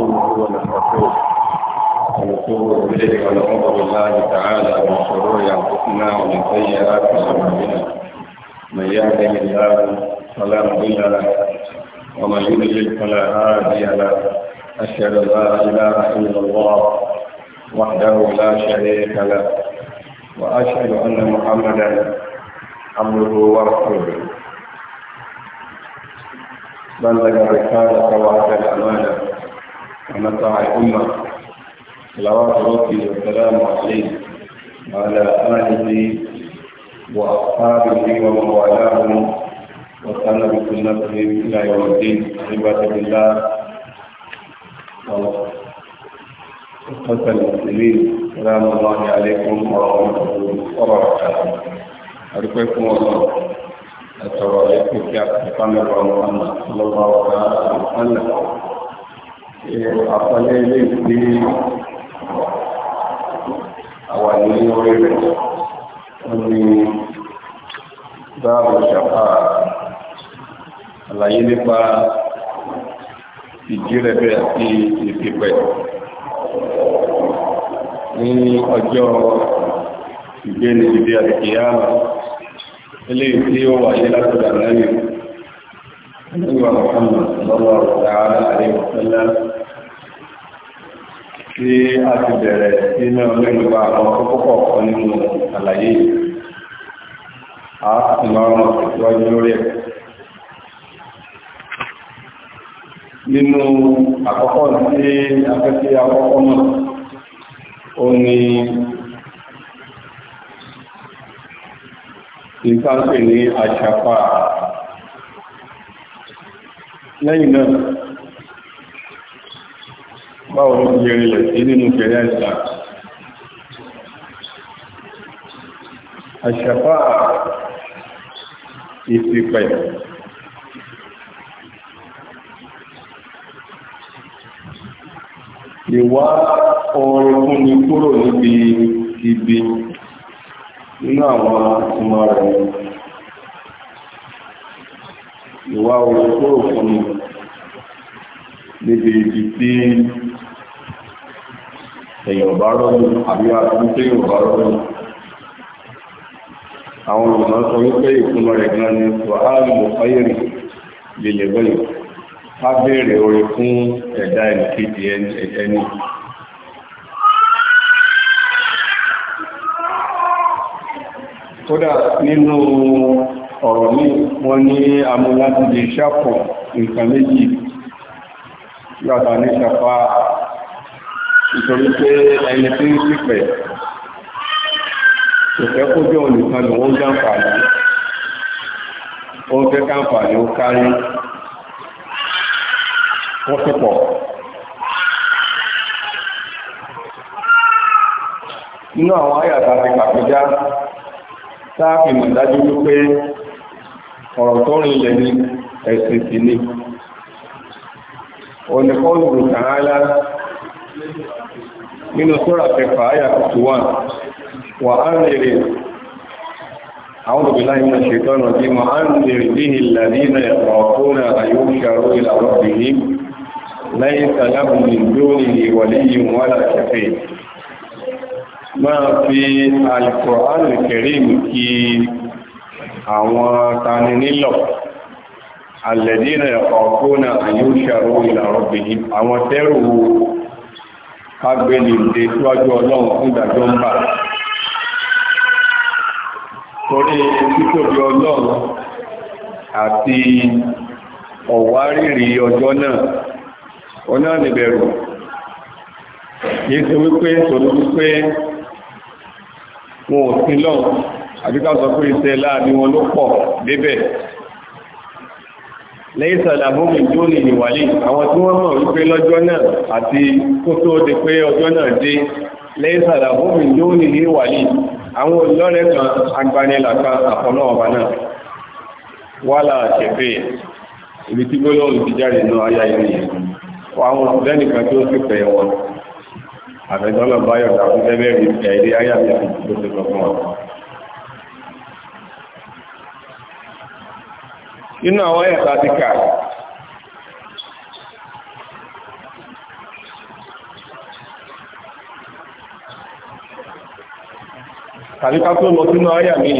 إنه هو الغفور ونتوب إليه ونعوذ بالله تعالى من شرور أنفسنا ومن سيئات أعمالنا من يهده الله فلا مضل له ومن يضلل فلا هادي له أشهد أن لا إله إلا الله وحده لا شريك له وأشهد أن محمدا عبده ورسوله بلغ الرسالة وأدى الأمانة ومتاع الأمة صلوات ربي والسلام عليه وعلى آله وأصحابه ومن والاه وسلم بسنتهم إلى يوم الدين عباد الله وخلق المسلمين سلام الله عليكم ورحمة الله وبركاته أرجوكم الله السلام عليكم يا محمد صلى الله عليه وسلم àpọ̀lẹ́ ilé ìgbé àwà ní orí rẹ̀ wọ́n ni báàbù ṣàpá àlàyé nípa ìjírẹ̀bẹ̀ àti ìpìpẹ̀ ní ọjọ́ ìgbéni ìdí àti kìíyàmà ilé tí ó wáyé látọ̀dà náà ní ìwà Muhammad lọ́wọ́ ọ̀rọ̀ àárá àríwọ̀sánlá tí a ti bẹ̀rẹ̀ nínú mẹ́lúgbà àwọn kókókọ̀ kan nínú àlàyé yìí a sì máa ń tẹ̀síwájú lórí ẹ̀ nínú àkọ́kọ́ tí afẹ́fẹ́ àkọ́kọ́ náà ó ní ìsáǹpẹ̀ ní àṣàpá lẹ́yìn náà báwo ló ti yẹrin yẹ̀ sí nínú kẹrẹ ìsà àṣàfà ìsìpẹ̀ ìwá ọrùn fún ni kúrò níbi ibi nínú àwọn ọmọ rẹ̀ ìwá ọrùn kúrò fún ni níbi ibi tí èyàn bá rọ́dún àbí àti tí èyàn bá rọ́dún àwọn olùmọ̀ sọ wípé ìkúnnà rẹ̀ gan ni wàhálì mọ̀fáyèrè lè lè bẹ́ẹ̀ ká béèrè orin fún ẹ̀dá ẹnìkejì ẹni kódà nínú ọ̀rọ̀ mi wọ́n ní amúláti lè ṣàpọ̀ nǹkan méjì yọ̀tọ̀ ní ṣọ̀fà nítorí pé ẹni tí ń sípẹ̀ kò fẹ́ kó jẹ́ olùkan lòun ń jàǹfààní ó ń fẹ́ káǹfààní ó kárí ó sì pọ̀ nínú àwọn àyàtà ti pàkójá sáà mọ̀ dájú wípé ọ̀rọ̀ tó rìn lẹ́ni ẹ̀sìn sí ni òní kọ́ọ̀lù tààlá nínú sọ́rọ̀ àtẹfà àyà 51 wà á lèrè àwọn òbílá iná ṣètọ́nà tí ma á lèrè bí ìlànà ẹ̀kọ́ ọ̀kúnrà àyókèrò ìlàrọ̀ bìí lẹ́yìn tàlábùnì lórí ìwàlẹ́yìn alẹ́dínà ọ̀kọ́nà àyíṣàrò ìlàrọ̀ bèèrè àwọn tẹ́rù kágbélì dé síwájú ọlọ́run fún ìdájọ́ ń bà torí títóbi ọlọ́run àti ọ̀wárìrì ọjọ́ náà ọ̀nà níbẹ̀rù kìí ṣe wípé tòlú wípé wọn ò sí lọ́run àbíká sọ pé iṣẹ́ láàrin wọn ló pọ̀ débẹ̀ lẹ́yìn sàlàbùn ìjó ní ìwàlẹ̀ àwọn tí wọ́n mọ̀ wípé lọ́jọ́ náà àti kó tó di pé ọjọ́ náà dé lẹ́yìn sàlàbùn ìjó ní ìwàlẹ̀ àwọn olóòrẹ́ kan agbanilà kan àfọ́nà ọba náà wà láàṣẹ̀fẹ́ ibi tí gbólóhùn ti jáde nù ayá ilé yẹn fún àwọn ọ̀dẹ́nì kan nínú àwọn ẹ̀ta ti kà tàbí ká tó lọ sínú àyà mi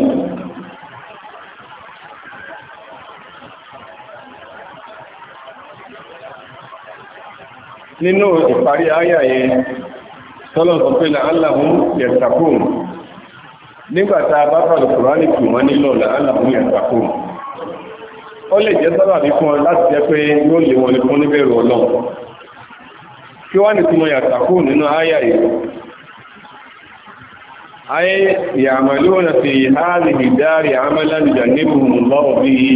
nínú ìparí àyà yẹn tọ́lọ̀ sọ pé làálàmú yẹ̀sàkùn nígbàtà bá fàlùkùránì kì wọ́n nílò làálàmú yẹ̀sàkùn ó lè jẹ́ sábàbí fún ọ láti jẹ́ pé yóò lè wọn lè fún níbẹ̀rù ọlọ́run kí wá ní túnmọ̀ yàtàkù nínú àyà yìí ayé ìyàmàlú na fi hàrí ìdárí àmàlànìjà níbùn lọ́wọ́ bí i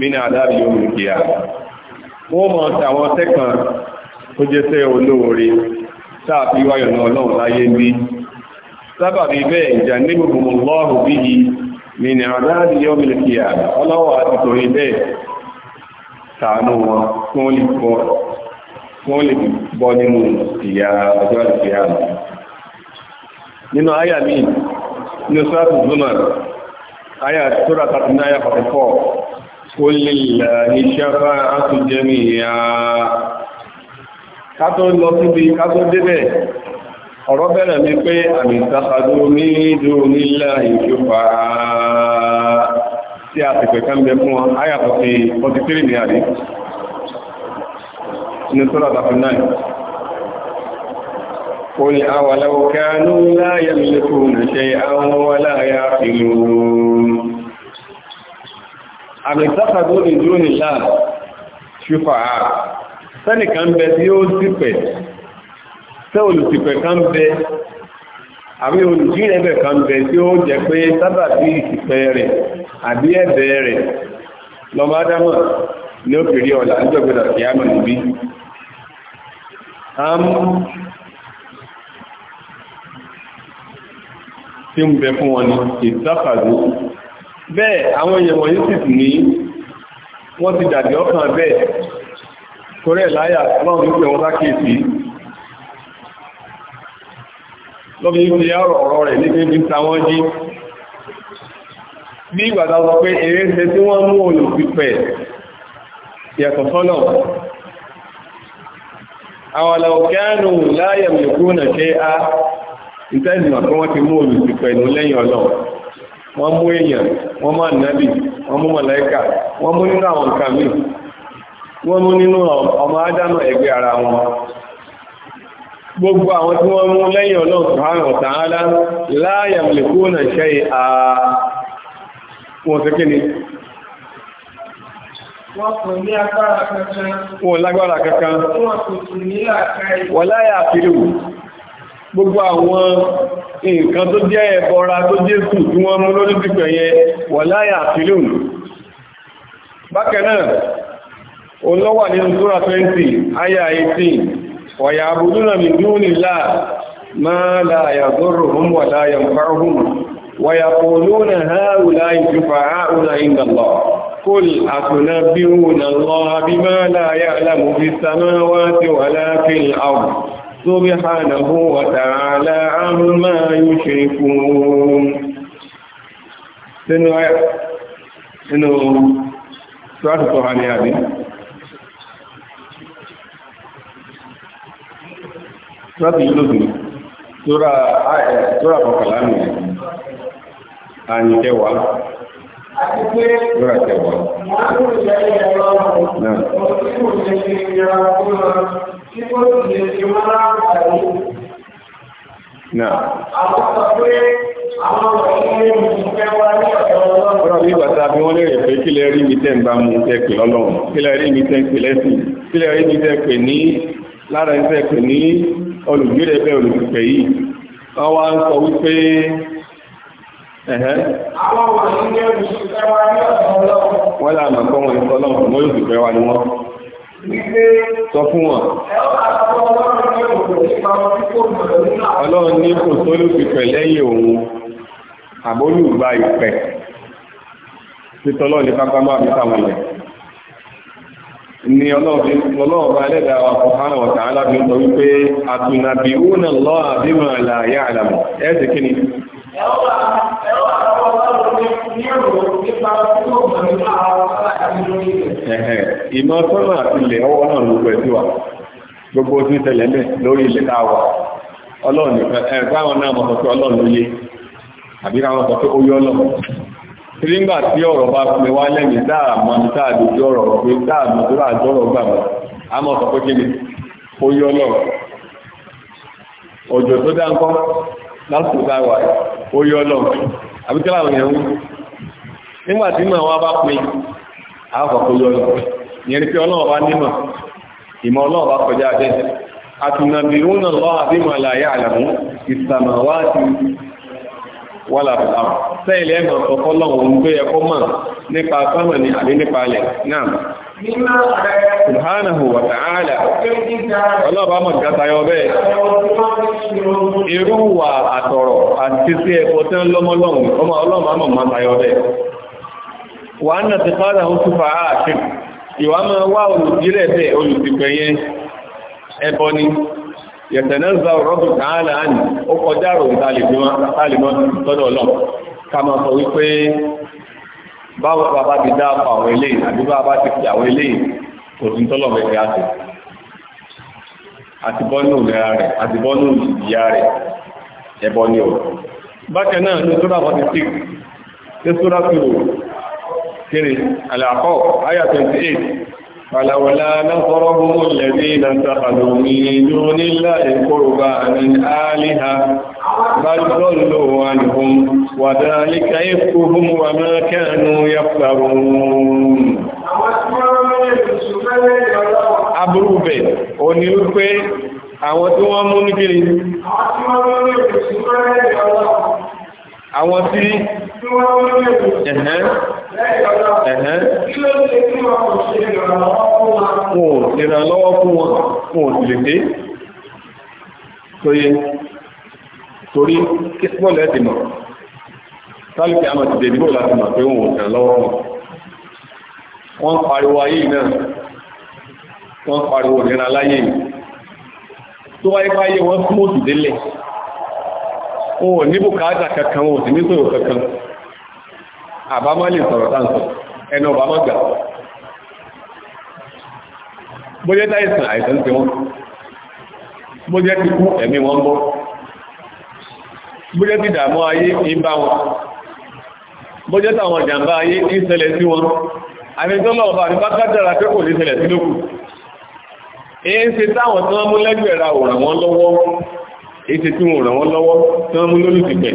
nínú àdárí omi kìá wọ́n mọ̀ tàwọn tẹ́kàn tó jẹ́sẹ́ olóore sáàfí wáyọ̀nà ọlọ́run láyé bí sábàbí bẹ́ẹ̀ ìjà níbùn lọ́wọ́ bí i mi ni àdáàdì yóò mi lè fi àdá ọlọ́wọ́ àti torí bẹ́ẹ̀ tàánú wọn kún lè bọ́ nínú ìyà ọjọ́ àti àdá nínú àyà mi nínú sọ́ọ̀tù zumar àyà tóra tàbí náà yà kó lè láàrín ṣẹ́fà á tún jẹ́ mi ìyà ká lọ síbi ká débẹ̀ ọ̀rọ̀ bẹ̀rẹ̀ ní pé àmì ìtàkàdó ní ìdó nílẹ̀ ìjọba tí a ti pẹ̀kẹ́ ń bẹ fún wọn ayàtọ̀ sí 43 ní àrí ní tó rọ̀ta fún náà ó ní àwàlẹ́wò kánú láyé mílẹ́kù ní ṣe àwọn wọláyà ìlú ṣé olùsìpẹ̀ kan bẹ àbí olùsìrẹ̀bẹ̀ kan bẹ tí ó jẹ́ pé sábà bí ìsìpẹ̀ rẹ̀ àbí ẹ̀bẹ̀ rẹ̀ lọ́mọ adámọ̀ ní ó fèrè ọ̀la nígbàgbọ́dọ̀ kí á mọ̀ níbí tí ń bẹ fún wọn ní ìtàkàdó bẹ́ẹ̀ àwọn èèyàn wọ̀nyí sì ní wọ́n ti dàbí ọkàn bẹ́ẹ̀ torẹ́ láyà ọlọ́run ní pé wọ́n bá kéèsì lọ́bí ní ilé ọ̀rọ̀ rẹ̀ ní pé bíta wọ́n jí bí ìgbàdá sọ pé eré ṣe tí wọ́n mú olùpípẹ̀ yàtọ̀ sọ́nà àwọn aláwọ̀kẹ́ánù láyẹ̀m ìkúnà ṣe á ìtẹ́jìmọ̀ pé wọ́n ti mú gbogbo àwọn tí wọ́n mú lẹ́yìn ọlọ́run tààlá láàyà mẹ́kó náà ṣe à wọ́n sí kí ni wọ́n lágbára kankan wọ́n láyà àfírí gbogbo àwọn nǹkan tó jẹ́ ẹ̀bọra tó jésù tí wọ́n mú lórí pípẹ̀ yẹ wọ́n láyà àfírí bákan náà olówà nínú tóra 20 aya ويعبدون من دون الله ما لا يضرهم ولا ينفعهم ويقولون هؤلاء شفعاؤنا عند الله قل أتنبئون الله بما لا يعلم في السماوات ولا في الأرض سبحانه وتعالى عما يشركون sínú sínú tíwáṣùtọ̀ hàn Sọ́tù Yúlùbì, Tóra Bọ̀kàlá nì àyìn kẹwàá, Tóra kẹwàá. Náà. Àwọn sọ pé Ọ̀rọ̀ bí bàtà bí wọ́n lérè pé kílẹ̀ rí mi tẹ́ ń bá mú tẹ́ pè lọ́lọ́run, kílẹ̀ rí mi tẹ́ ń pè lẹ́sìn, kílẹ̀ rí olùgbérẹ̀bẹ̀ olùgbẹ̀ yìí wọ́n wá ń sọ wípé ẹ̀hẹ́ wọ́n láà mọ̀ kọ́wọ́n ìfọ́ lọ́wọ́ mọ́ yóò fìfẹ́ wa ni wọ́n sọ fún wọn ọlọ́run ní kò tó ló fìfẹ́ lẹ́yìn òun àbólùgbà ìpẹ́ títọ́lọ́ ní pápá máa fi sáwọn ilẹ̀ ni ọlọ́ọ̀bá ẹlẹ́dà wa subhanahu ta'ala wípé àtùnàbí òun lọ àbímọ̀ ala àlàmù ẹ̀ẹ́sì kí ni ìmọ̀ sọ́nà àti ilẹ̀ ọwọ́ náà ló pẹ̀ sí wa gbogbo tí tẹ̀lẹ̀ mẹ́ sọ nígbà tí ọ̀rọ̀ bá pè wá lẹ́yìn dáàmọ́ dáàdójú ọ̀rọ̀ pé dáàmọ́ tó ọ̀rọ̀ gbàmọ́ a ma sọ pé kí ni ó yọ òjò tó dáńkọ́ lásìkò táwà ó yọ lọ́rọ̀ èèyàn nígbà tí mọ̀ wá bá yọ ìyẹn pé ọlọ́run bá nímọ̀ ìmọ̀ ọlọ́run bá kọjá "Wala àbù sẹ́yìnlẹ̀ ẹ̀mọ̀ ọ̀tọ̀kọ́ lọ́wọ́ ohun tó yẹ nípa sọ́mọ̀ ní àbí nípa ilẹ̀ náà subhanahu wa ta'ala ọlọ́ọ̀bá mọ̀ bẹ́ẹ̀ irú wà àtọ̀rọ̀ àti sí ẹ̀kọ́ tẹ́ lọ́mọlọ́run yẹ̀tẹ̀nẹ́zà rọ́bù tààlà ánì ó kọjá rò ìtàlìmọ́ tọ́dọ̀ lọ ká máa sọ wípé báwọn bàbá ti dá pa àwọn eléyìí àbí bàbá ti fi àwọn eléyìí kò sí tọ́lọ̀ mẹ́fẹ́ àti àti bọ́nù ìlera rẹ̀ àti bọ́nù ìyá rẹ̀ ẹ̀bọ ni àlàkọ́ àyà فلولا نصرهم الذين اتخذوا من دون الله قربانا آلهة بل ضلوا عنهم وذلك إفكهم وما كانوا يفترون aburú bẹ̀ ó ní wípé àwọn tí wọ́n mú ní kiri àwọn tí Wọ́n ò tẹ̀rà lọ́wọ́ fún wọn, wọ́n ò lè dé. Tóyé, torí kí pọ́lẹ̀ ti mọ̀, tálìkì àmà ti dèbí bóò láti mọ̀ pé wọ́n ò tẹ̀rà lọ́wọ́ wọn. Wọ́n pariwo ayé náà, wọ́n pariwo ìrìnà láyé. Tó wáyé báyé wọ́n fún òtù délẹ̀. Wọ́n ò ní àbámọ́ lè sọ̀rọ̀ táǹsọ̀ ẹnu ọ̀bámọ́ gbà bó jẹ́ táìsàn àìsàn ti wọ́n bó jẹ́ ti kú ẹ̀mí wọn bọ́ bó jẹ́ ti dààmú ayé ń bá wọn bó jẹ́ tàwọn jàǹbá ayé ń ṣẹlẹ̀ sí wọn àmìtọ́lọ̀ ọba àmì bá kájára pé kò ní ṣẹlẹ̀ sí lókù èyí ṣe táwọn tán mú lọ́wọ́ tí wọn òràn wọn lọ́wọ́ tán mú lólùsìgbẹ̀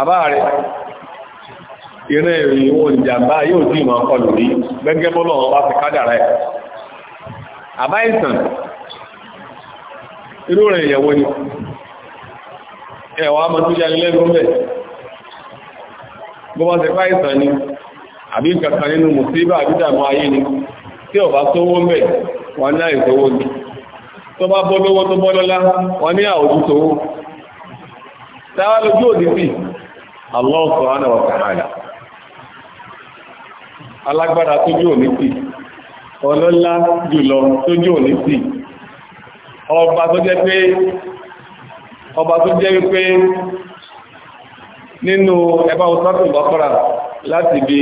àbá rẹ̀ ìrìn ìrìn ìwọ̀n ìjàmbá yóò dí ìmọ̀ ọkọ̀ lórí gbẹ́gẹ́ bọ́lọ̀ wọn bá fi kádàrá ẹ̀ àbá ìsàn irú rẹ̀ ìyẹ̀wò ni ẹ̀wọ̀n àmọ́ tó yá nílẹ́ gómẹ̀ bó wọ́n ti fá ìsàn ni àbí kankan nínú mùsíbà àbídàmọ́ ayé ni tí ọ̀bá tó wó mẹ́ wọn ní àìsówó ni tó bá bọ́ lówó tó bọ́ lọ́lá wọn ní àwòjú tówó táwà lójú òdìsí Allah subhanahu wa ta'ala alágbára tó jù òní sí ọlọ́lá jùlọ tó jù òní sí ọba tó jẹ́ pé ọba tó jẹ́ wípé nínú ẹbá òsátùn bàkọ́rà láti bí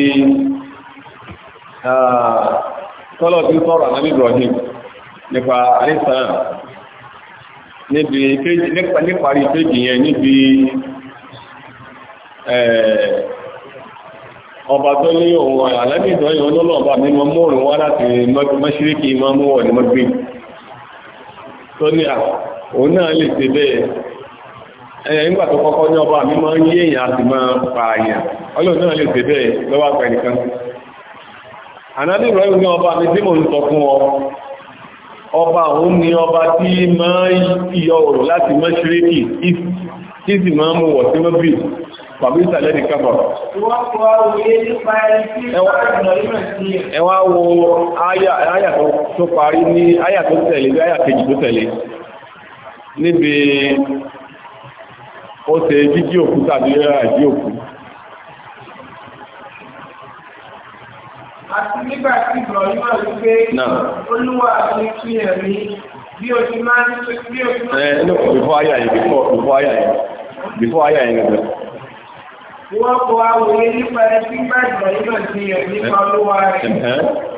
tọ́lọ̀ tí sọ́rọ̀ àmì Ibrahim nípa àrísàn níbi níparí yẹn níbi Eh, ọba tó ní òun àlábì ìtàn ìwọ̀n lọ́lọ́ọ̀bá mi mọ́ mọ́rùn wá láti mọ́ṣíríkì máa mú wọ̀ ní mọ́gbé tó ní à òun náà lè ṣe bẹ́ẹ̀ eh, ọba mi máa ń yé èèyàn àti máa pààyàn ọlọ́run náà lè ṣe bẹ́ẹ̀ lọ́wọ́ àgbà nìkan ọba mi tí mò ọ ọba òun ni ọba tí máa yọ láti mọ́ṣíríkì tí sì máa Bàbí ìsàlẹ̀ ní kẹ́bọ̀. wo áyà tó parí ní áyà tó tẹ̀lé bí áyà kejì tó tẹ̀lé. Níbi ó jíjí òkú tàbí àjí òkú. Àti nígbà tí ní kí ẹ̀mí bí o ti máa ń wọ́n kọ awòye nípa ẹbí bá ìgbà nígbà tí ẹ̀ nípa olówó rẹ̀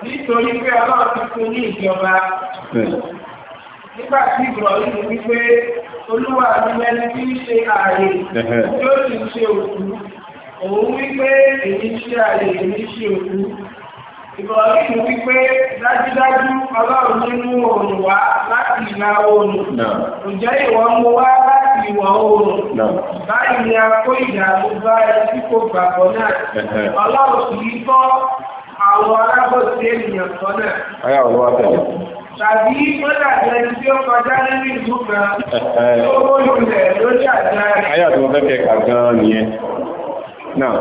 nítorí pé ọlọ́run ti fún ní ìjọba nígbà tí ìbọ̀lì wípé olúwa mi lẹ́ni tí ń ṣe ààrẹ tí ó sì ń ṣe òkú òun wípé èyí ṣe ààrẹ èyí ṣe òkú Ìbọ̀lẹ́yìn wípé dájúdájú ọlọ́run nínú oòrùn wá láti ìlà oòrùn. Ǹjẹ́ ìwọ mú wá láti ìwọ̀ oòrùn? Báyìí ni a kó ìjà gbogbo ayé tí kò gbàgbọ́ náà. Ọlọ́run sì yí tọ́ àwọn alábòsí ènìyàn kan náà. Ayá ọ̀rọ̀ wá tẹ̀lé. Tàbí mọ́tà jẹni tí ó kọjá nínú ìlú kan, ó wó lulẹ̀ lórí àjá rẹ̀. Ayá àti fẹ́ kẹ̀kà gan nìyẹn. Náà.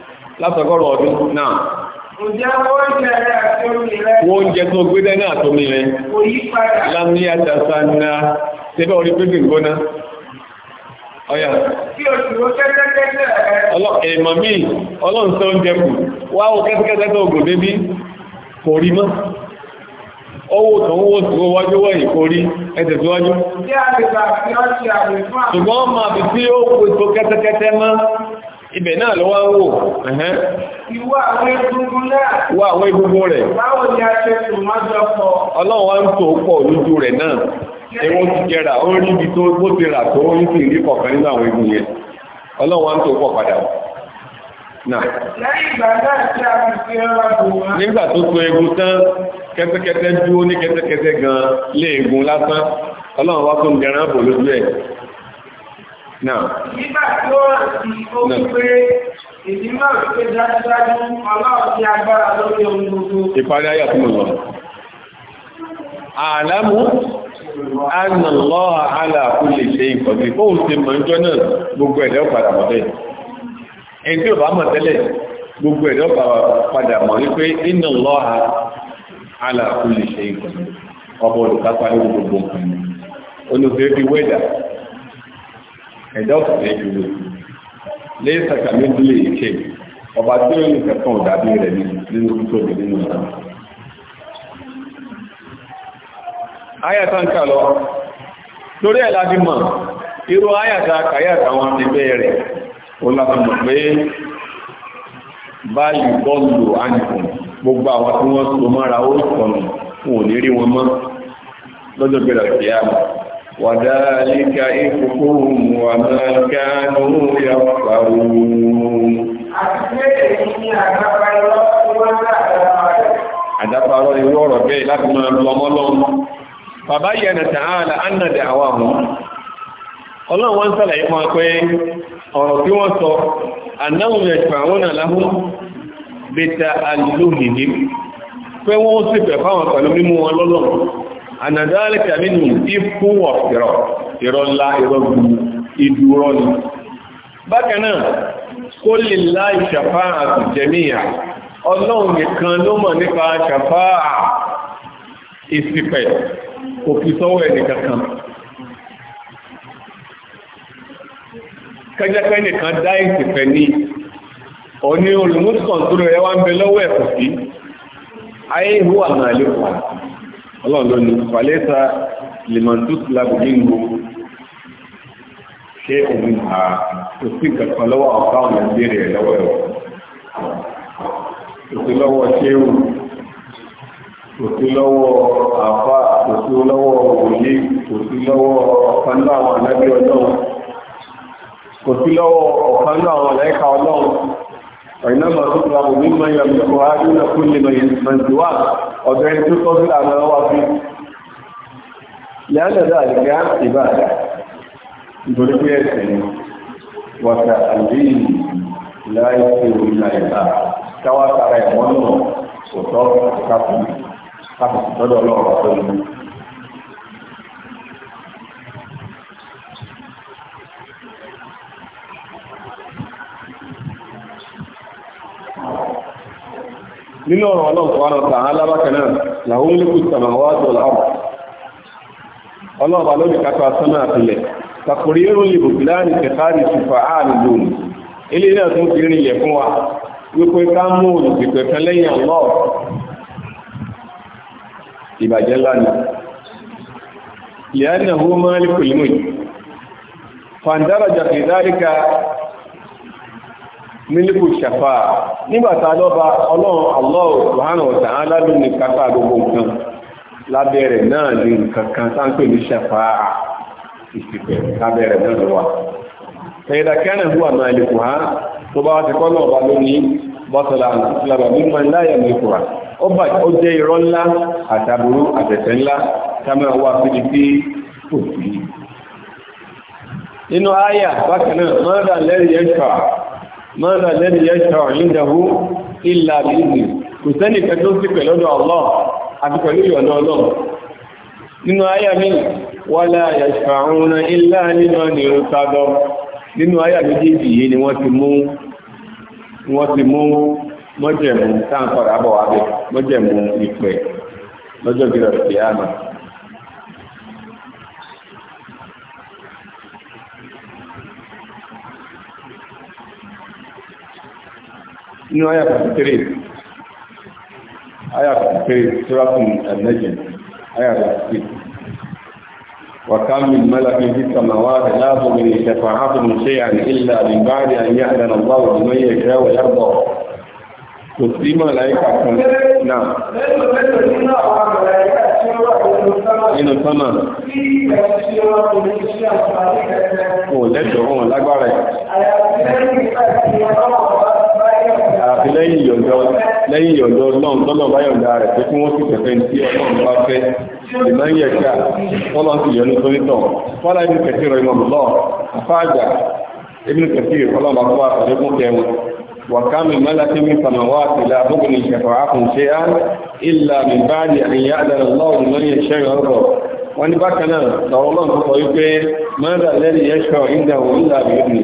látọgọ́rùn ọdún náà oúnjẹ́ tó gbé dẹ́ náà tó mi rẹ̀ lámí àtàsà náà Ọya. orí pé gbígbóná ọ̀yà ẹ̀mọ̀ míì tó gùn débí kò rí ma. owó tó ń wó tó wájú ṣùgbọ́n máa bí tí ó pèsò kẹ́tẹ́kẹ́tẹ́ mọ́ ibẹ̀ náà lọ wá ń wò ìwọ àwọn egungun náà wọ àwọn egungun rẹ̀ báwo ni a ṣe tò má jọ pọ̀ ọlọ́run wá ń tò pọ̀ lójú rẹ̀ náà ẹwọ́n ti jẹrà ó rí ibi tó bó ti rà tó ń sì rí kọ̀ọ̀kan nínú àwọn egun yẹn ọlọ́run wá ń tò pọ̀ padà nígbà tó so egun tán kẹ́tẹ́kẹ́tẹ́ dúró ní kẹ́tẹ́kẹ́tẹ́ gan lé lásán ọlọ́run wá tó ń dẹran lójú ẹ̀ Nígbà tí ó ti ó pé ìdí máa pé dájúdájú ọlọ́run ti agbára lórí ohun gbogbo. Ìparí ayà tí mo lọ. Àlámú Annàlọ́ha aláàkú lè ṣe ìkọ̀dí fóòun ti mọ̀ ìjọ náà gbogbo ẹ̀dẹ́ padà mọ̀ bẹ́ẹ̀. Ẹni tí ò bá mọ̀ tẹ́lẹ̀ gbogbo ẹ̀dẹ́ padà mọ̀ wípé Innàlọ́ha aláàkú lè ṣe ìkọ̀dí ọbọ̀ olùkápá ní gbogbo nǹkan. Olùfẹ́ fi wẹ́dà ẹ̀dá ọ̀sán ní ìdúró lẹ́yìn sàkàmì ìdílé ìké ọba tí ó ní kankan ọ̀dàbí rẹ̀ ní nínú tó bẹ̀ nínú ìlú. ayàtà ń kà lọ lórí ẹ̀ láti mọ̀ irú ayàtà kàyàtà wọn ti bẹ́ẹ̀ rẹ̀ ó láti mọ̀ pé báyìí gbogbo àwọn tí wọ́n so mọ́ra ó sọnù fún òní rí wọn mọ́ lọ́jọ́ وذلك إفكهم وما كانوا يفعلون àdáparọ́ irú ọ̀rọ̀ bẹ́ẹ̀ láti máa lọ ọmọlọ́mọ bàbá yẹnà tààlà àwọn ọlọ́run wọ́n pé ọ̀rọ̀ tí wọ́n sọ annáhùn ẹ̀ṣùn àwọn ànàdálẹ́kà nínú ìfún ọ̀fẹ́rọ̀ ìrọ̀lá ìrọ̀gbù ìdúró ni bákanáà kó lè láì ṣàfá àtìjẹmíyà ọlọ́run nìkan ló mọ̀ nípa ṣàfá ìsìpẹ̀ kò fi sọ́wọ́ ẹnìkankan kẹjẹ́pẹ́ nìkan dá ìsìpẹ̀ ní òní olùmúsùkàn tó rẹ̀ wá ń bẹ lọ́wọ́ ayé ìhúwà náà lè pàdé ọlọ́ọ̀lọ́ ni falẹ́ta limantus lagomingo ṣe òun ha tó sí kankan lọ́wọ́ ọ̀ká ọ̀nà ìbéèrè ẹ̀ lọ́wọ́ ẹ̀ kò sí lọ́wọ́ ṣéwù kò sí lọ́wọ́ àfá kò sí lọ́wọ́ òní kò lọ́wọ́ ọ̀kan náà àwọn ànábì ọlọ́run kò lọ́wọ́ ọ̀kan náà àwọn ọ̀lẹ́ka ọlọ́run وإنما تطلب ممن يملكها دون كل من سواه وبين تطلب على وفي لأن ذلك عبادة بركية وتأليم لا يصير إلا إله كما ترى يمنه وتوقف كفن كفن تدعو الله nínú ọ̀rọ̀ ọlọ́pàá ọ̀tàn alábákanáà làwọn olókù sàmàwà àtọ̀lá ọ̀rọ̀ ọlọ́pàá lórí kápá sánà àtìlẹ̀ takùrí irun lè bùbílá ní tẹ̀kárì ṣùfà áàrùn lónìí ilé náà tún fi rìn yẹ fún wa wípé ká mú olùdìpẹ̀ lẹ́yìn àlọ́ ìbàjẹ́ lánàá lẹ́yìn náà wọ́n mọ́ mílíkù ṣàfà nígbàtà lọ́ba ọlọ́run Allah subhanahu wa ta'ala ló ní kápá gbogbo nǹkan lábẹ́rẹ̀ náà ní nǹkan kan sáńpẹ̀ ní ṣàfà ìsìnkẹ̀ lábẹ́rẹ̀ náà ló wà fẹ̀yẹ̀dà kẹ́nà ha tó bá ti kọ́nà ọba ló ní bọ́sọ̀lá àtìlábà mímọ́ láyà mẹ́kù ha ó bà mọ́lá lẹ́nu yẹ́ṣọ́ ìdáhù ìlà bíbí kò sẹ́nì kẹjọ sí pẹ̀lọ́dọ̀ Allah àti pẹ̀lú ìyọ̀dọ̀ Allah nínú ayà mi wala yashfa'una illa nínú nìrútàdọ̀ nínú ayà méjèèjì yìí ni wọ́n ti mú wọ́n nínú àyà 53 àyà 53 sọ́rọ̀kùn ẹ̀lẹ́jìn àyà 53 وكم من ملك في السماوات لا تغني شفاعتهم شيئا الا من بعد ان ياذن الله لمن يشاء ويرضى kò sí mọ̀láíkà kan náà nínú sánmà ò lẹ́tọ̀ọ́ wọn lágbára ẹ̀ àti lẹ́yìn ìyọ̀dọ̀ lẹ́yìn ìyọ̀dọ̀ náà tọ́lọ̀ bá yọ̀dá rẹ̀ pé kí wọ́n sì tẹ̀fẹ́ tí ọlọ́run bá fẹ́ ìmọ̀ ń yẹ̀ká tọ́lọ̀ sì yọ̀nù tó nítọ̀ fọ́lá ibi kẹsì rẹ̀ ìmọ̀ lọ́ afáàjà ibi kẹsì ọlọ́run bá fọ́ àtàlẹ́kùn kẹwọn وكامل ملك من سماوات لا تغني شفاعتهم شيئا الا من بعد ان ياذن الله لمن يشاء يرضى وان بكنا لو الله سبحانه وتعالى ماذا الذي يشفع عنده الا باذنه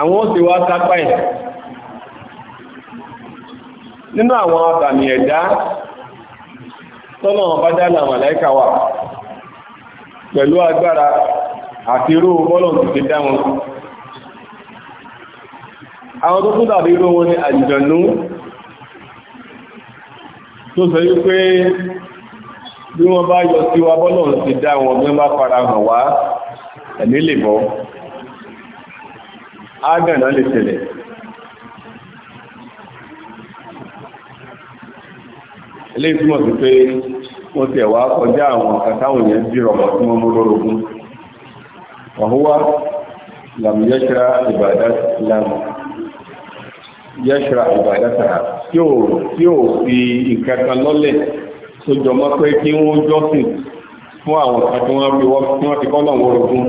àwọn ó sì wá sápá ẹ̀ nínú àwọn àtàmì ẹ̀dá tọ́nà ọ̀bájá làwọn àláìkà wà pẹ̀lú agbára àti irú bọ́lọ̀ ti fi dá wọn àwọn tó tún dàbí irú wọn ni àjìjọ̀nú tó sọ wípé bí wọ́n bá yọ sí wa bọ́lọ̀ ti dá wọn bí wọ́n bá fara hàn wá ẹ̀mí lè bọ́ ágànà lè tẹ̀lẹ̀ ilé ìtumọ̀ sí pé wọ́n ti ẹ̀wà kọjá àwọn àkàtàwọn èèyàn bí rọ̀mọ̀ tí wọ́n mú lórogún ọ̀húwá làmìyẹ́ṣra ìbàdátà tí ó fi ìkẹta lọ́lẹ̀ tó jọmọ́ pé kí wọ́n jọ́sìn fún àwọn kan tí wọ́n fi kọ́ lọ́wọ́ orogún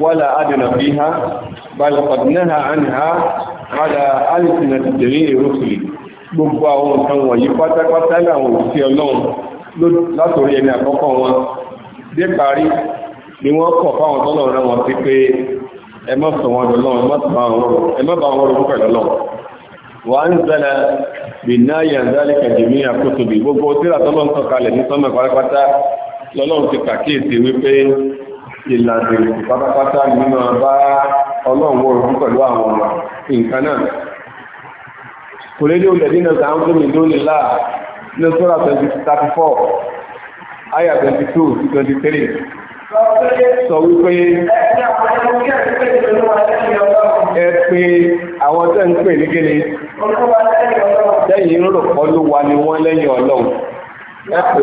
ولا أدنى فيها بل قد نهى عنها على ألسنة جميع الرسل gbogbo àwọn nǹkan wọ̀nyí pátápátá láwọn òsì ọlọ́run látòrí ẹni àkọ́kọ́ wọn dé parí ni wọ́n kọ̀ fáwọn tọ́lọ̀ rán wọn sí pé ẹ má sọ wọn lọ́lọ́run ẹ má bá wọn rọ̀ pẹ̀lú ọlọ́run wà ń zẹ́lẹ̀ bí náà yẹn zálẹ̀ kẹjìmí àkóso bí gbogbo tíra tọ́lọ́run ní sọ́mọ̀ pátápátá lọ́lọ́run ti kàkíyèsí wípé ìlànà ìlú pátápátá ní máa bá ọlọ́run ọ̀rọ̀ pẹ̀lú àwọn ọmọ nǹkan náà kò lè ní olèdí náà sáà ń fún mi lónìí láà ní sọ́ra 34 ayà 22 23 sọ wípé ẹ àwọn tẹ́ ń pè ní gíní lẹ́yìn rò pọ́lú wa wọ́n lẹ́yìn ọlọ́run ẹ pè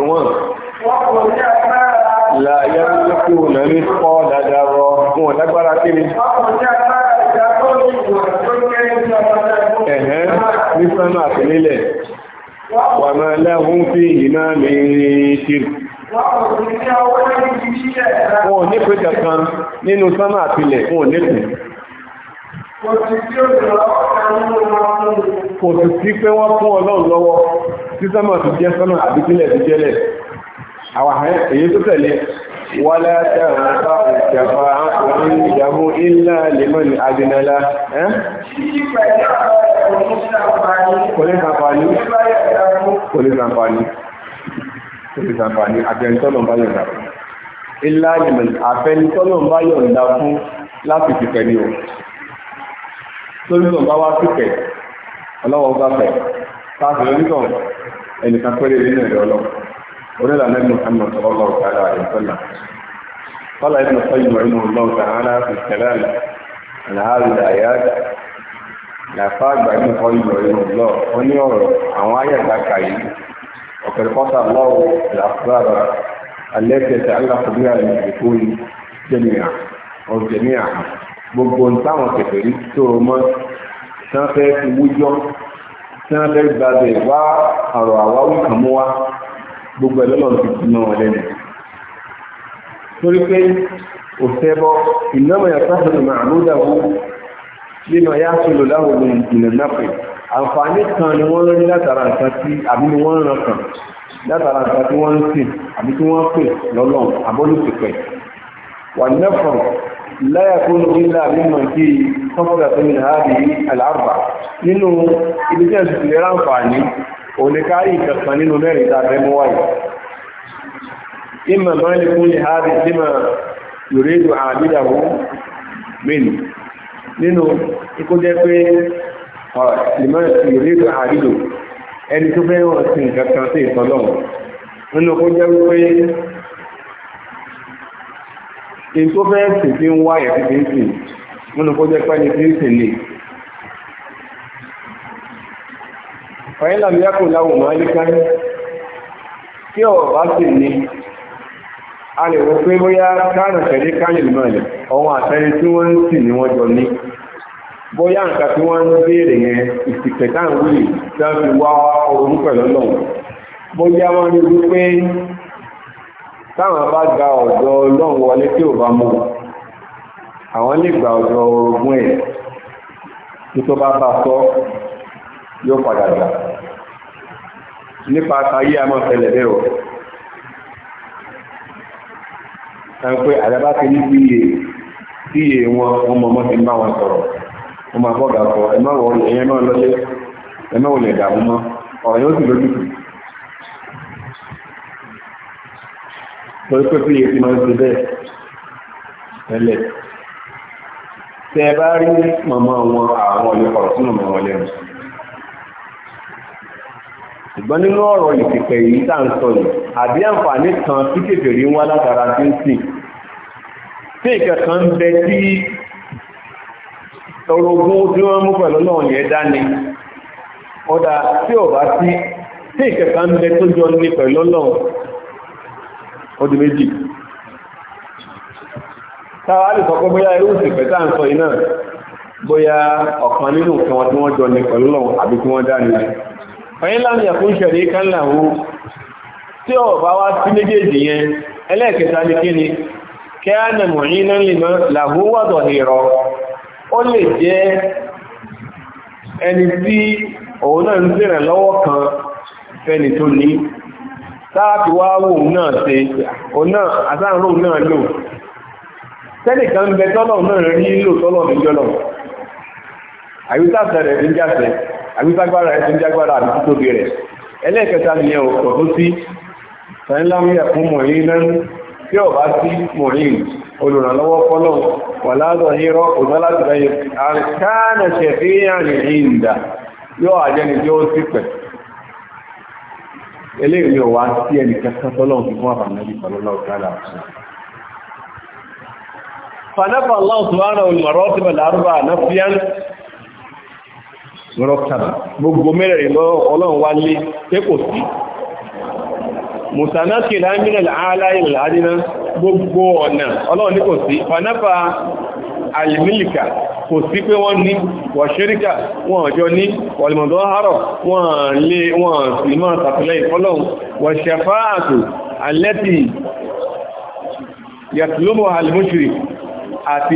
láyé lókè ònà ní pọ́ dáadáa rọ wọn lágbára kiri ẹ̀hẹ́ ní sánà àti nílẹ̀ wà máa lẹ́hún fi ìná mi ṣírì wọn ní pé kankan nínú sánà àti ilẹ̀ ní pé kò sì sí pé wọ́n fún ọlọ́run lọ́wọ́ tí sánà ti jẹ́ sánà àbíkílẹ̀ ti jẹ́lẹ̀ àwọn àárẹ̀ èyí tó tẹ̀lé wọ́lá tẹ́ràn bá ìjàmbá àkùnrin ìyàmú ilá lèmọ́n àdínàlá ẹ́ kòlìsànfàní àfẹ́ntọ́lọ̀mbáyọ̀ndà ilá lèmọ́n àfẹ́ntọ́lọ̀mbáyọ̀ndà fún láti fìfẹ́ ní o lórílọ̀ bá wá fìfẹ́ ọlọ́wọ́ bá fẹ́ onílà náà Muhammad sallallahu ta'ala alaihi wasallam qala ibn qayyim rahimahullahu ta'ala fi kalam ala hadhihi al-ayat làfá àgbà ibn qayyim rahimahullah wọn ní ọ̀rọ̀ àwọn ayẹta kàyí ọkẹrẹkọta lọwọ làfúrà alẹ́tẹ̀ tí alákùnrin àlùkò jẹ́mìà ọ̀jẹ̀mìà gbogbo táwọn kẹfẹ̀rí tóró mọ́ tí wọ́n fẹ́ fi wújọ́ tí wọ́n fẹ́ gbàgbé wá ọ̀rọ̀ àwáwí kan mú wá gbogbo ẹ̀lọ́lọ́ ti ti náà lẹ́nu torí pé òṣèbọ ìnáwó yàtọ̀ ìmọ̀ àmúdàwó nínú ayá sọlọ láwọn ìdìnnà nápẹ̀ àǹfààní kan ni wọ́n rí látara nǹkan tí àbí ni wọ́n ràn kàn látara nǹkan tí wọ́n ń sìn àbí tí wọ́n pè lọ́lọ́ àbọ́lùsìpẹ̀ wà nẹ́fọ̀n láyà tó lórí láàbí mọ̀ sí kọ́fíà tó ní àárín àlàáfà nínú ibi tí ẹ̀sùn ti lè ráǹfààní oníkárí ìkẹ̀kàn nínú mẹ́rin tàbí mú wáyé ìmọ̀ mọ́lẹ̀ fún lè hàrí símọ̀ yòrédù àbídàwó mẹ́lì nínú ikú jẹ́ pé ìmọ̀ yòrédù àbídò ẹni tó fẹ́ wọ́n sí ìkẹ̀kàn sí ìtọ́lọ́wọ́ nínú kó jẹ́ wípé in tó fẹ́ sì fi ń wáyé fi fàyílà mi yàkùn láwùn máa lé káyé tí ọ̀ bá sì ní a lè wọ́n pé bóyá káàrùn tẹ̀lé káyè náà lè ọ̀hun àtẹni tí wọ́n ń sì ní wọ́n jọ ní bóyá nǹkan tí wọ́n ń béèrè yẹn ìsìnkẹ̀ táwọn wíì tí wọ́n fi wá ọrùn pẹ̀lú ọlọ́run bóyá wọ́n rí wípé táwọn bá gba ọ̀dọ̀ ọlọ́run wọlé tí ò bá mú yóò padà gbà nípa àtàyé àmọ́ fẹlẹ̀ bẹ́ẹ̀ o ẹn pé àdábá ti ní bí iye tí iye wọn wọn mọ̀ mọ́sí bá wọn sọ̀rọ̀ wọn máa bọ́gà sọ ẹ má wọ ẹ̀yẹn náà lọ́lé ẹ má wò lè dààmú mọ́ ọ̀rọ̀ yóò sì lójú tù torí iye ti máa ń ṣe bẹ́ẹ̀ tẹ́lẹ̀ tẹ́ bá rí mọ̀mọ́ wọn àwọn ọ̀lẹ́kọ̀ọ́ sínú mọ̀mọ́ lẹ́nu ṣùgbọ́n nínú ọ̀rọ̀ ìpìpẹ̀ yìí tá ń sọ yìí àbí àǹfààní kan tí kèfèrí ń wá látara tí ń sìn tí ìkẹ̀kan ń bẹ tí orogún tí wọ́n mú pẹ̀lú náà yẹn dání ọ̀dà tí ò bá sí tí ìkẹ̀kan ń bẹ tó jọ ní pẹ̀lú náà ọdún méjì táwa lè sọ pé bóyá irú fẹ́lám yàkún ṣẹ̀rẹ̀ kánláwó tí ó bá wá sí méjèèjì yẹn ẹlẹ́ẹ̀kẹta ní kí ni kí á nà mọ̀ ní náà lè ìrọ̀ ó lè jẹ́ ẹni tí òun náà ń sèrè lọ́wọ́ kan fẹ́ni tó ní sáàtì wá wò naa yo kan àgbégbágbára ẹ̀ tó ń jágbára àti títóbi rẹ̀ ẹlẹ́ẹ̀kẹta nìyẹn òkò tó sí sàílámíyà fún mọ̀rin lẹ́nu tí ọ̀bá sí mọ̀rin olùrànlọ́wọ́ fọ́lọ̀ wà lázọ̀ yírọ́ òsálàtìlẹ́yìn àkáànà ṣẹ̀fíyàn ìhìndà yóò àjẹni tí ó sì pẹ̀ eléyìí mọ́rọ́kàbà gbogbo mẹ́rẹ̀rẹ̀ ọlọ́run wá lé tẹ́kò sí mùsànáàkì láàmìnà aláìlà àdínà gbogbo ọ̀nà ọlọ́run ní kò sí fanáfà alìmílìkà kò sí pé wọ́n ní wàṣíríkà wọ́n ọjọ́ ní wàlìmọ̀dọ́ àárọ̀ wọ́n lè wọ́n sì máa tàfilẹ̀ ìfọ́lọ́un wàṣẹ̀fáàtò alẹ́tì yàtìlómọ̀ alìmúṣìrì àti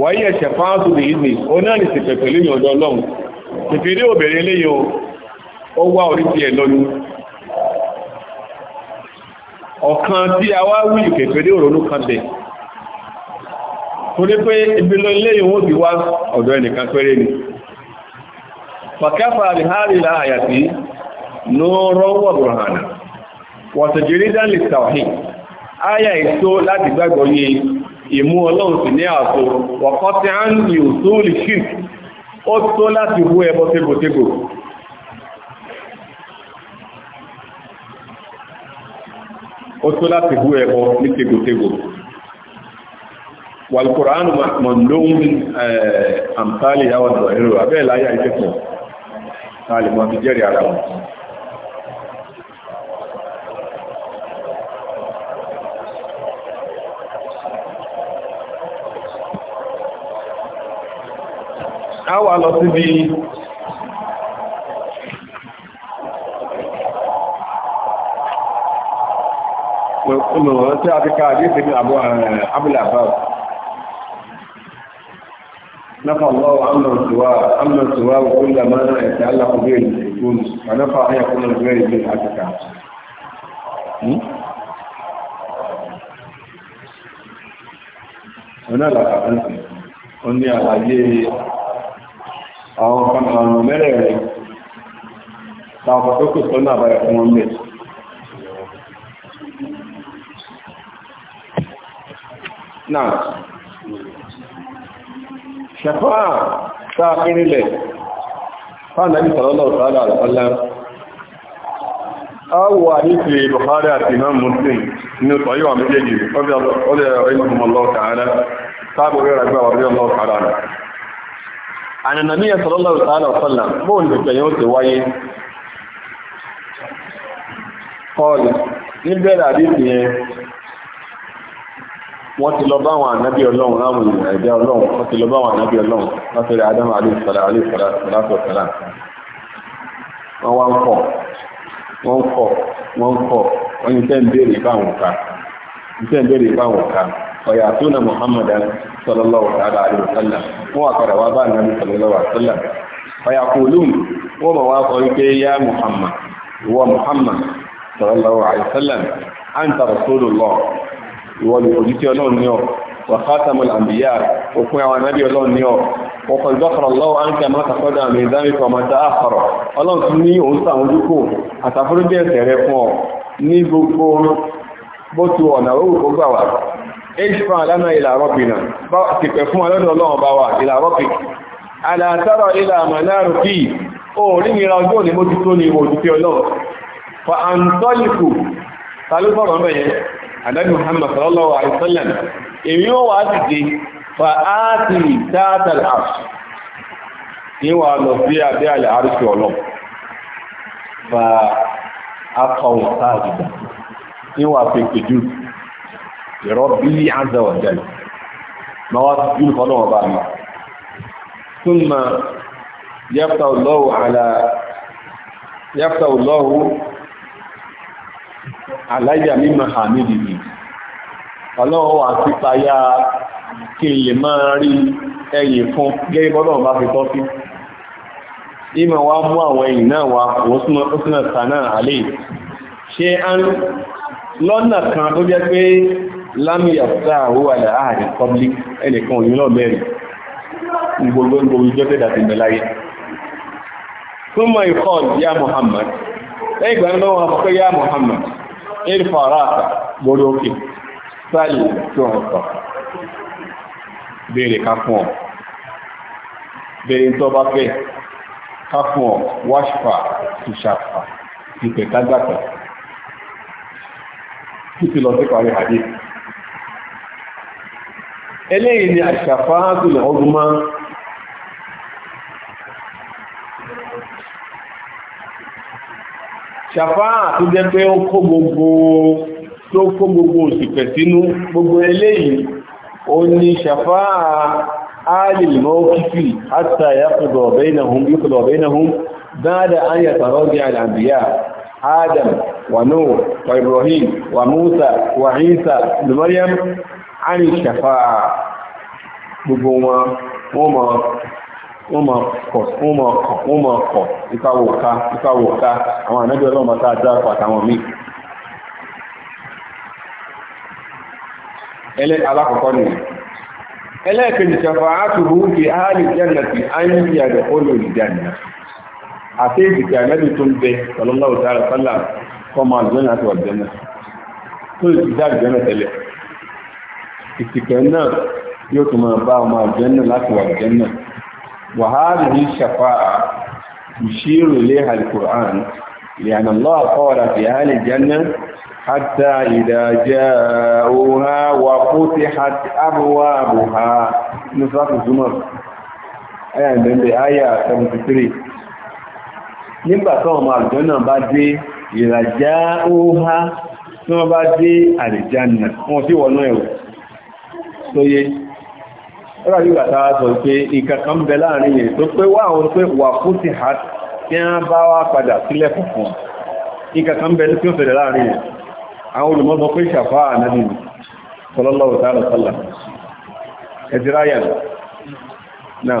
wàyí ẹ̀ṣẹ̀ fáàtù lè ìdí onáàlì sì pẹ̀ pẹ̀lú ìyọ̀dọ̀ ọlọ́run ìfìrí obìnrin o ó wá orí ti ẹ̀ lọ́nu ọ̀kan tí a wá wí ìkẹ̀kẹ̀rẹ́ òrónú kan bẹ̀ torí pé ibi lọ léyìí wọ́n ti wá ọ̀dọ̀ ẹnìkan péré ni fàkẹ́fà àríhárì láàyàtí lóòrọ́wọ̀ bùrọ̀hànà wọ̀tẹ̀jìrí dánlẹ̀ tàwáhì áyà èso láti gbàgbọ́ yìí ìmú ọlọ́run sì ní ààtò wọ̀kọ́ tí a ń lè tó lè ṣì ó tó láti wú ẹbọ tébòtébò ó tó láti wú ẹbọ ní tébòtébò wàlùkùrán mọ̀lóhun àmtálì yàwó ìrò abẹ́ẹ̀láyà ìkẹ́kọ̀ọ́ a wà lọ síbi olùrànlọ́ tí a ti ká àdíṣẹ́ eh, hmm? ní àbọ̀ abúlàbá نفى الله عمن سواه عمن سواه كل ما يتعلق به المشركون ونفى ان يكون الغير من عتك هنا لا na ọ̀rùn mẹ́rẹ̀ẹ̀rin ta na tó kò sọ́nà àbáyà fún wọn bẹ̀. náà ṣàfáà sáà pínlẹ̀ fáànàbí sọ̀rọ̀lọ̀ sọ́lá àlọ́lá awọ àdíkì Bukhari àti ní ọ̀tọ̀ yíwa méjèèjì ọ̀rẹ́ ìgbìmọ̀ sáàbò rẹ̀ ànànàmí ẹ̀sọ̀lọ́lọ́ ìtàlá ọ̀sọ́là bóòlù ìpẹ̀ yóò ti wáyé kọlù níbẹ̀rẹ̀ àdíkì yẹn wọ́n ti lọ bá ànábí ọlọ́run láwọn ìrìnàjá ọlọ́run wọ́n ti lọ bá ànábí ọlọ́run látọ̀rẹ̀ adámà àdíṣọ́lá àdíṣọ́lá ọ̀yàtúnà muhammadan sallallahu alaihi wasallam wọ́n wà padà wá bá nàbí sallallahu alaihi wasallam ọ̀yàkùlùm wọ́n bọ̀ wá kọ́ wípé yá muhammad ìwọ muhammad sallallahu alaihi wasallam anta rasulullah ìwọ ni òjíṣẹ́ ọlọ́run ní ọ wa khatamul anbiya òpin àwọn nàbí ọlọ́run ní ọ ọkọ̀ ìgbọ́kọ̀rọ̀ lọ́wọ́ áńkà máa tàkọ́dà àmì ìdáríkọ̀ máa ta àkọ̀rọ̀ ọlọ́run tún ní òun sàmójúkò àtàfúrúdí ẹ̀sẹ̀ rẹ fún ọ ní gbogbo bó tu ọ̀nà òwò kó gbà wá اشفع لنا إلى ربنا تكفون لنا الله بوا إلى ربك ألا ترى إلى منار فيه ó rí mi rájọ́ ní mo ti tó ní ìwò òjúfẹ́ ọlọ́run fa an tọ́lìkù tàlúfọ́rọ̀ mẹ́yẹn àdájú Muhammad sallallahu alaihi wasallam èmi ó wà á ti dé fa á ti rí dáadáa àṣì ní wà lọ sí abẹ́ àlẹ́ àrùsí ọlọ́run fa akọ̀wọ̀ sáàdìdà ní wà jù ìrọ́bí àzẹ̀wọ̀jẹ̀lẹ̀ máa wá sí ìlú fọ́nà ọba mi súnmọ́ yẹ́pẹ́ olóhù àlà yẹ́pẹ́ olóhù àláyà mímọ̀ hàmìdì mi ọlọ́run wà sí payá kí n lè máa rí ẹyìn fún gẹ́gẹ́ bọ́lọ̀ bá fi tọ́ sí ìmọ̀ wá mú àwọn ẹ̀yìn náà wá wọ́n súnmọ̀ sánà àlè ṣe lọ́nà kan tó jẹ́ pé lámìyà sáà ó wà láàárín kọ́blí ẹnìkan òyìn náà mẹ́rin gbogbo gbogbo ìjọ tẹ́dà ti mẹ́ láyé súnmọ́ ìkọ́l yá Muhammad lẹ́yìn ìgbà náà wọ́n fẹ́ yá Muhammad irfa ra'sa borí òkè sáàlì tó ń sọ béèrè ká fún ọ béèrè tó bá fẹ́ ká fún ọ wáṣfà tùṣàfà ìpẹ̀kágbàtà títí lọ sí parí hadith eléyìí ni àṣàfáàtùl ọgbọ́n ṣàfáà tó jẹ́ pé ó kó gbogbo tó kó gbogbo òṣìpẹ̀ sínú gbogbo eléyìí ó ní ṣàfáà alìlmọ́kífì àtà yàkùdọ̀ bainahum yàkùdọ̀ bainahum dáadáa an yàtàrọ́ di al-anbiya Adam wa Nuh wa Ibrahim wa Musa wa Isa da Maryam àrí ìṣẹ̀fà gbogbo wọn wọ́n mọ̀ wọ́n mọ̀ kọ̀ wọ́n mọ̀ kọ̀ wọ́n mọ̀ kọ̀ ìpawòká ìpawòká àwọn ànájọ́ ọlọ́mọ tá a dá pàtàwọn míì ẹlẹ́ alákọ̀ọ́kọ́ ni ẹlẹ́ẹ̀kejì ṣẹfà átùrù fi áàlì jẹ́nàtì áyíyí àdẹ̀ olóòjìdànà àti ìsìnkì àmẹ́bì tó ń bẹ sallallahu ta'ala sallam kọmọ àjọ́nà àti ọ̀jọ́nà tó ìsìnkì àjọ́nà tẹ́lẹ̀ ìsìnkẹ́ náà yóò tún máa bá ọmọ àjẹ́nà láti wà àjẹ́nà wàhálì ní ṣàfáà ìṣirò lé alkùrán لأن الله قال في أهل الجنة حتى إذا جاءوها وفتحت أبوابها نصرة الزمر آية من آية 73 nígbà tó ọmọ àlùjànnà bá dé ìràjá ó há tí wọ́n bá dé àlùjànnà wọ́n sí wọ́n náà sóyé ọ́rà yóò àtàwà sọ pé ìkankan bẹ láàrin yìí tó pé wà àwọn pé wà fún ti ha tí a bá wá padà sílẹ̀ fún ìkankan bẹ tí ó fẹ̀rẹ̀ láàrin yìí àwọn olùmọ́sọ pé ṣàfá ànábì sallallahu ta'ala náà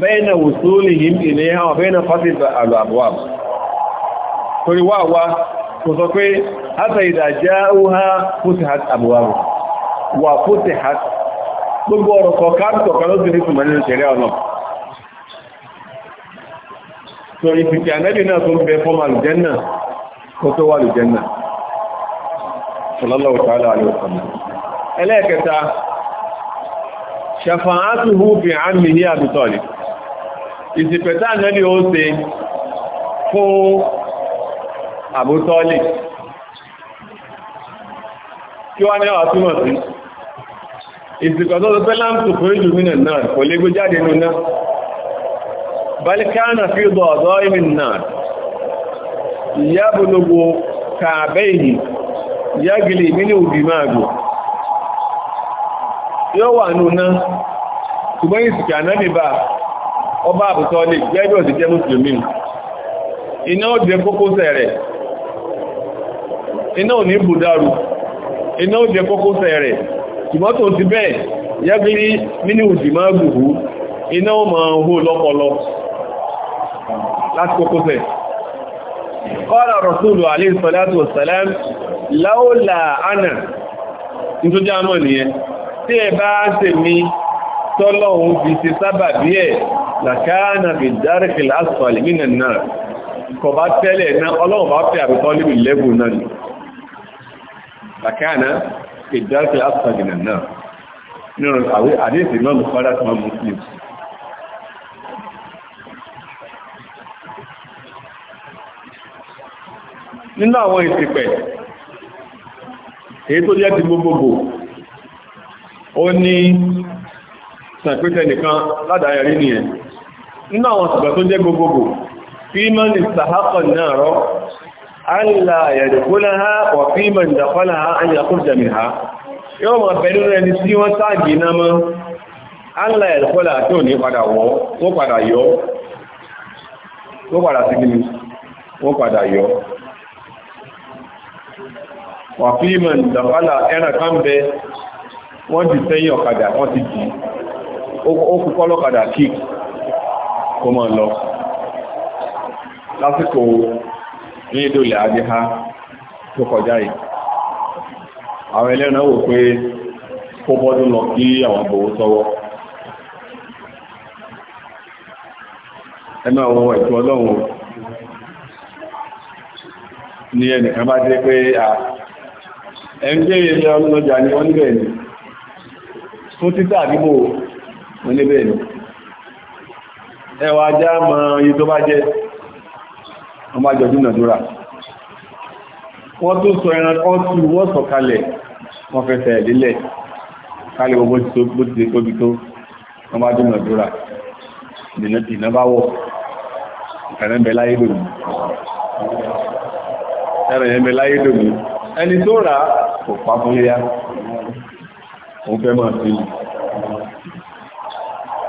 bẹ́ẹ̀nà wùsùlùmí ilẹ̀ àwọn bẹ́ẹ̀nà fásitì àlọ́àbúwà torí wà wá kò sọ pé hátà ìdàjá óhá fúti hat àbúwà wà fúti hat gbogbo ọ̀rọ̀ kọ̀ọ̀kọ́ kọ̀ọ̀kọ́ ní tùmọ̀ nínú ṣẹ̀rẹ́ ọ̀nà so ìfìtì ànẹ́bì náà tó ń ìsìnkẹta ànẹ́lì ó ṣe fún àbútọ́lì kí wá ní àwọn túnmọ̀ sí ìsìnkẹ̀ tó pẹ́ láàmtù fún ìjùmínà náà kò lè gbé jáde nínú balkana fi ọ̀dọ̀ ọ̀dọ́ ìmìn náà yábùlógó kààbẹ́yìn yágìlì nínú òbí máa gò yóò wà nínú ṣùgbọ́n ìsìnkẹ̀ ànẹ́lì bá ọba àbùtọ́ lè gẹ́gbẹ́ òsì jẹ́ mùsùlùmí iná ó jẹ kókósẹ̀ rẹ̀ iná ò ní bùdárù iná ó jẹ kókósẹ̀ rẹ̀ ṣùgbọ́n ti bẹ́ẹ̀ yẹ́gbìrí nínú ìdì máa gùgù iná ó máa hó lọ́pọlọ láti kókósẹ̀ tọ́lọ́hun fi ṣe sábàbí ẹ̀ làkáànà bí dárìkì lásìkọ̀lì nínú náà kọ bá tẹ́lẹ̀ náà ọlọ́run bá fẹ́ àbúkọ́ níbi lẹ́bù náà ni làkáànà bí dárìkì lásìkọ̀lì nínú náà nínú àwé àdéhìsì náà lùfọ́dá tí wọ́n mú sí nínú àwọn ìsìpẹ̀ èyí tó jẹ́ ti gbogbogbò ó ní sàpẹ́tẹ̀ nìkan ládàáyàrí nínú àwọn ṣùgbọ́n tó jẹ́ gbogbogbò fíìmọ̀n ìsàhákọ̀ náà rọ́ allah yàdùkúnlá ha wà fíìmọ̀n ha ha yóò mọ̀ ha ẹni tí wọ́n táàgì náà mọ́ allah yàdùkúnlá tí ò ní padà wọ́n padà yọ kó mọ́ lọ lásìkò ní ìdòlẹ̀ àdíhá tó kọjá yìí àwọn ẹlẹ́rìn náà wò pé kó bọ́dún lọ kí àwọn àbòwò sọ́wọ́ ẹnu àwọn ẹ̀tọ́ ọlọ́run ni ẹnìkan bá jẹ́ pé à ẹgbẹ́ ilẹ̀ ọlọ́jà ni wọ́n níbẹ̀ ni fún títà àdúgbò wọ́n níbẹ̀ ni ẹwà ajá mọ̀ iye tó bá jẹ́ wọ́n bá jọ dúnàdúrà wọ́n tó sọ ẹran ọ́tù wọ́n sọ kalẹ̀ wọ́n fẹsẹ̀ lílẹ̀ kalẹ̀ owó tí ó ti tóbi tó wọ́n bá dúnàdúrà ìdènà tí iná bá wọ̀ ẹ̀rẹ́mbẹ̀ láyé lòmí ẹni tó rà kò pa fún yíyá òun fẹ́ mọ̀ sí i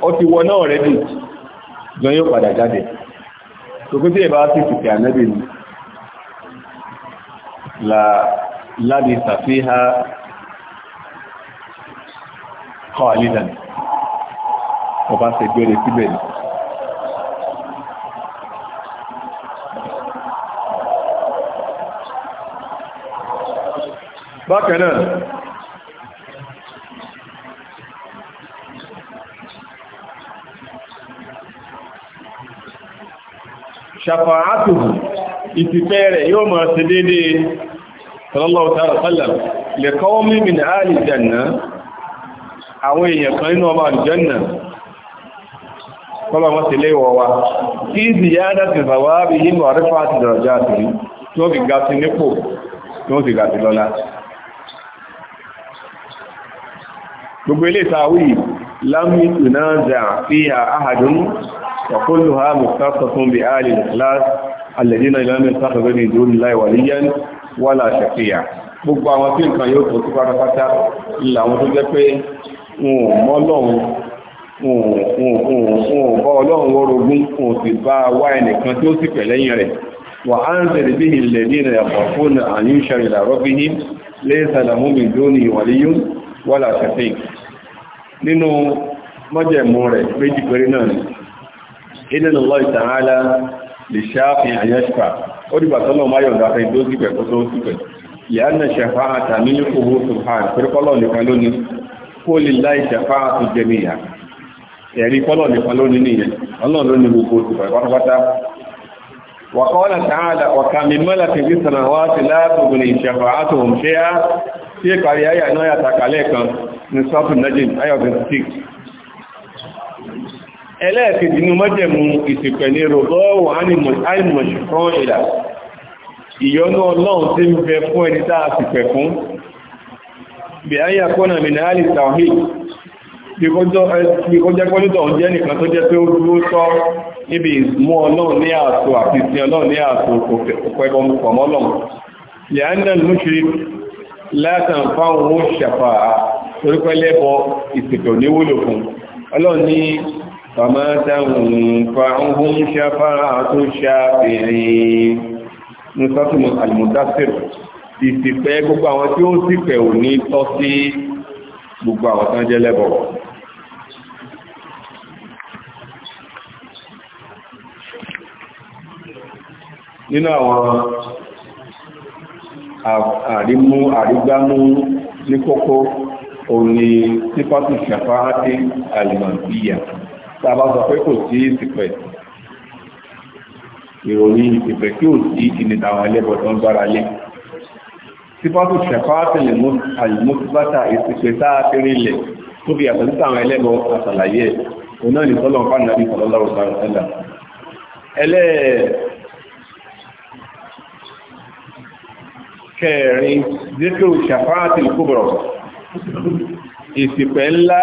ó ti wọ náà rẹ̀ dùn gan yóò padà jáde tókún tí ìbá sí ìsìnkì ànẹ́bì ni láti sàfíhá kọ́ àlídàn ọba ṣe gbére síbẹ̀ ni bákan náà ṣàfàátùhù ìtìfẹ́ rẹ̀ yóò máa ṣe dédé sallallahu ta'ala sallam lè kọ́wọ́ mímìn ààlì jẹ́nà àwọn èèyàn kan nínú ọmọ àjẹ́nà kọ́lọ̀ wọ́n ti léwọ́ wa kí ziyada ti bàwá bí yínú àrífà àti gbogbo ilé ìtawí lámìtù náà jà fíhà áhàdùn وكلها مختصة بآل الإخلاص الذين لم يتخذوا من دون الله وليا ولا شفيعا gbogbo àwọn tí nǹkan yóò tó sí pátápátá ilẹ̀ àwọn tó jẹ́ pé wọn ò mọ̀ Ọlọ́run wọn ò bá Ọlọ́run wọ́rogún wọn sì bá wá ẹnìkan tí ó sì pẹ̀ lẹ́yìn rẹ̀ wà á ń tẹ̀lé bí ilẹ̀ ní ilẹ̀ ọ̀pọ̀ fún àyín ṣẹlẹ̀ làrọ́bí ìdínà lọ ìtàhálà lè ṣáàfin àyẹ́ṣpà ó dìgbà tọ́lọ̀ máa yọ̀ǹda fẹ́ tó sípẹ̀ kó tó sípẹ̀ ìyáàna ṣẹ̀fà àtàmì ní kò wó sùhàn pẹ̀lúkọ́lọ̀ nìkan lónìí kó lè láì ṣẹ̀fà tó jẹmi ìyà ẹ̀rí kọ́lọ̀ nìkan lónìí nìyẹn ọlọ́run lónìí gbogbo sùpẹ̀ pátápátá wàkọ́lá tààlà ọ̀ka mímọ́lá fi sísànà wá sí látògùn ìṣẹ̀fà àtòhùn ṣe á sí ìparí ayà náà yàtàkálẹ̀ kan ní sọ́tún nájìn ayọ̀ 26 ẹlẹ́ẹ̀kejì ní mọ́jẹ̀mú ìsìnkẹ̀ ní rọ̀gọ́wọ̀ ánìmọ̀ṣùkọ́ ìlà ìyọ́nú ọlọ́run tí ń bẹ fún ẹni táa sì pẹ̀ fún bí ayé akọ́nà mìnà alì tàwí bí kó jẹ́ pọ́lútọ̀ ń jẹ́ nìkan tó jẹ́ pé ó dúró tọ́ níbi ìmú ọlọ́run ní ààtò àti ìsìn ọlọ́run ní ààtò òpẹ̀bọmọlọ́run فما تنفعهم شفاعة الشافعين نصرة المدثر ìsìpẹ́ gbogbo àwọn tí ó ń sìpẹ̀ ò ní tọ́ sí gbogbo àwọn tán jẹ́ lẹ́bọ̀ nínú àwọn àrímú àrígbámú ní kókó òní sípàtù ṣàfáhátí alìmọ̀bíyà tàbá sọ pé kò sí ìsìpẹ̀ ìròyìn ìsìpẹ̀ kí ò sí ìnìta àwọn ẹlẹ́bọ̀ tó ń gbára lé sípàtù ṣẹ̀fáàtìlì àlùmọ́síbátà ìsìpẹ̀ sáà fẹ́rẹ̀ ilẹ̀ tó fi àtọ̀ síta àwọn ẹlẹ́bọ̀ àṣàlàyé ẹ̀ òun náà ní sọ́lọ̀ ń fàánà bí sọ̀lọ́lọ́rọ̀ sọ̀rọ̀ sẹ́lá ẹlẹ́ kẹrin díkù ṣẹ̀fáàtìlì kúbọ̀rọ̀ ìsìpẹ̀ ńlá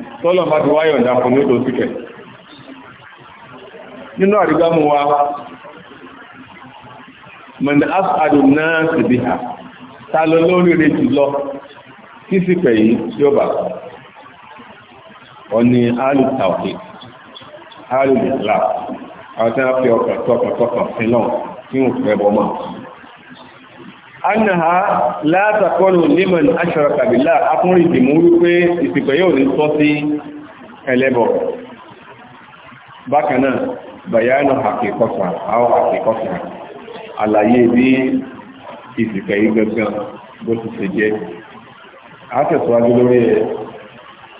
tọ́lọ̀ bá ti wáyọ̀ ìdá fún ní òtòsíkẹ̀ nínú àrígbámú wa mọ̀nà asàdùn náà sì bí ha ta lọ lórí rẹ̀ jù lọ kí sì pẹ̀ yìí tí ó bà ọ ni alùtàwì alùlùlà àwọn tí wọ́n fi ọkàn tí wọ́n fẹ́ bọ́ mọ́ annaha látàkọ́nù liman ashraka billah akúnrin ìdìmú wípé ìsìnkọ̀ yóò ní tọ́ sí ẹlẹ́bọ̀ bákanáà bayanu hakikọ́sà àwọn hakikọ́sà àlàyé bí ìsìnkọ̀ yìí gẹ́gẹ́ bó ti ṣe jẹ́ àtẹ̀síwájú lórí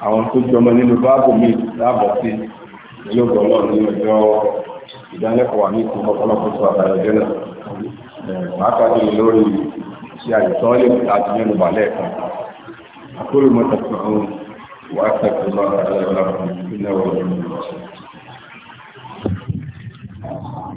àwọn tó jọmọ nínú báàbù mi láàbọ̀ sí ìlú ọgbọ̀n náà nínú ìjọ ìdánilẹ́kọ̀ọ́ àmì ìkùnkọ́ ọlọ́pọ̀ sọ àbàyọ̀ jẹ́ pàápàá lórí ṣe àyẹ̀tọ́ lè láti mẹ́nu bà lẹ́ẹ̀kan àkórè mọ́ta fún wa sẹ́kù lọ́wọ́ ẹ̀rọ ìlànà ìpínlẹ̀ ọ̀rọ̀ ìlú